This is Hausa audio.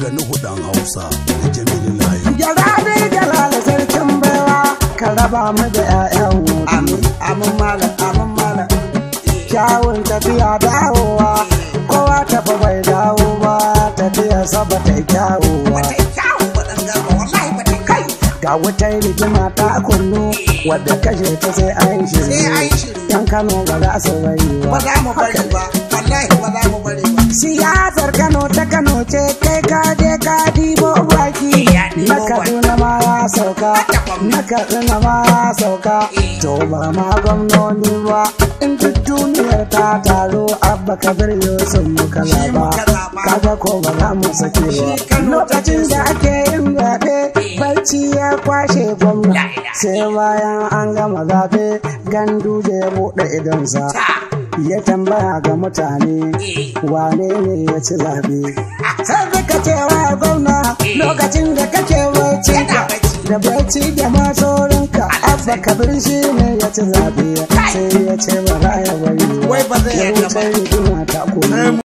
maganin hudan hausa da jamilu layi gyara dai jalala sarkin baiwa ka raba mu da 'ya'yan wuri amin amin mala, amin mala. kyawun tafiya dawowa kowa tafi bai dawo ba tafiya saba ta kyawu ba ga wata yi rigima ta kullu wadda kashe ta sai an shiru yan kano ba za su bari ba ba za mu bari ba wallahi ba za mu bari ba siyasar kano ta kano ce na kaduna ma ya sauka na kaduna ma ya sauka to ba ma gwamnoni ba in duk duniyar ta taro abba kabir yusuf muka ba. kaga ko ba za mu sake ba lokacin da ake yin zaɓe eh. barci ya kwashe gwamna sai bayan an gama zaɓe gandu da ya buɗe idonsa ya tambaya ga mutane eh. wane ne ya ci zaɓe ah. sai suka ce gwamna lokacin da kake bacci da bacci da masorinka abba kabir shi ne ya ci zabe sai ya ce ba raya wai ya wuce rigima ta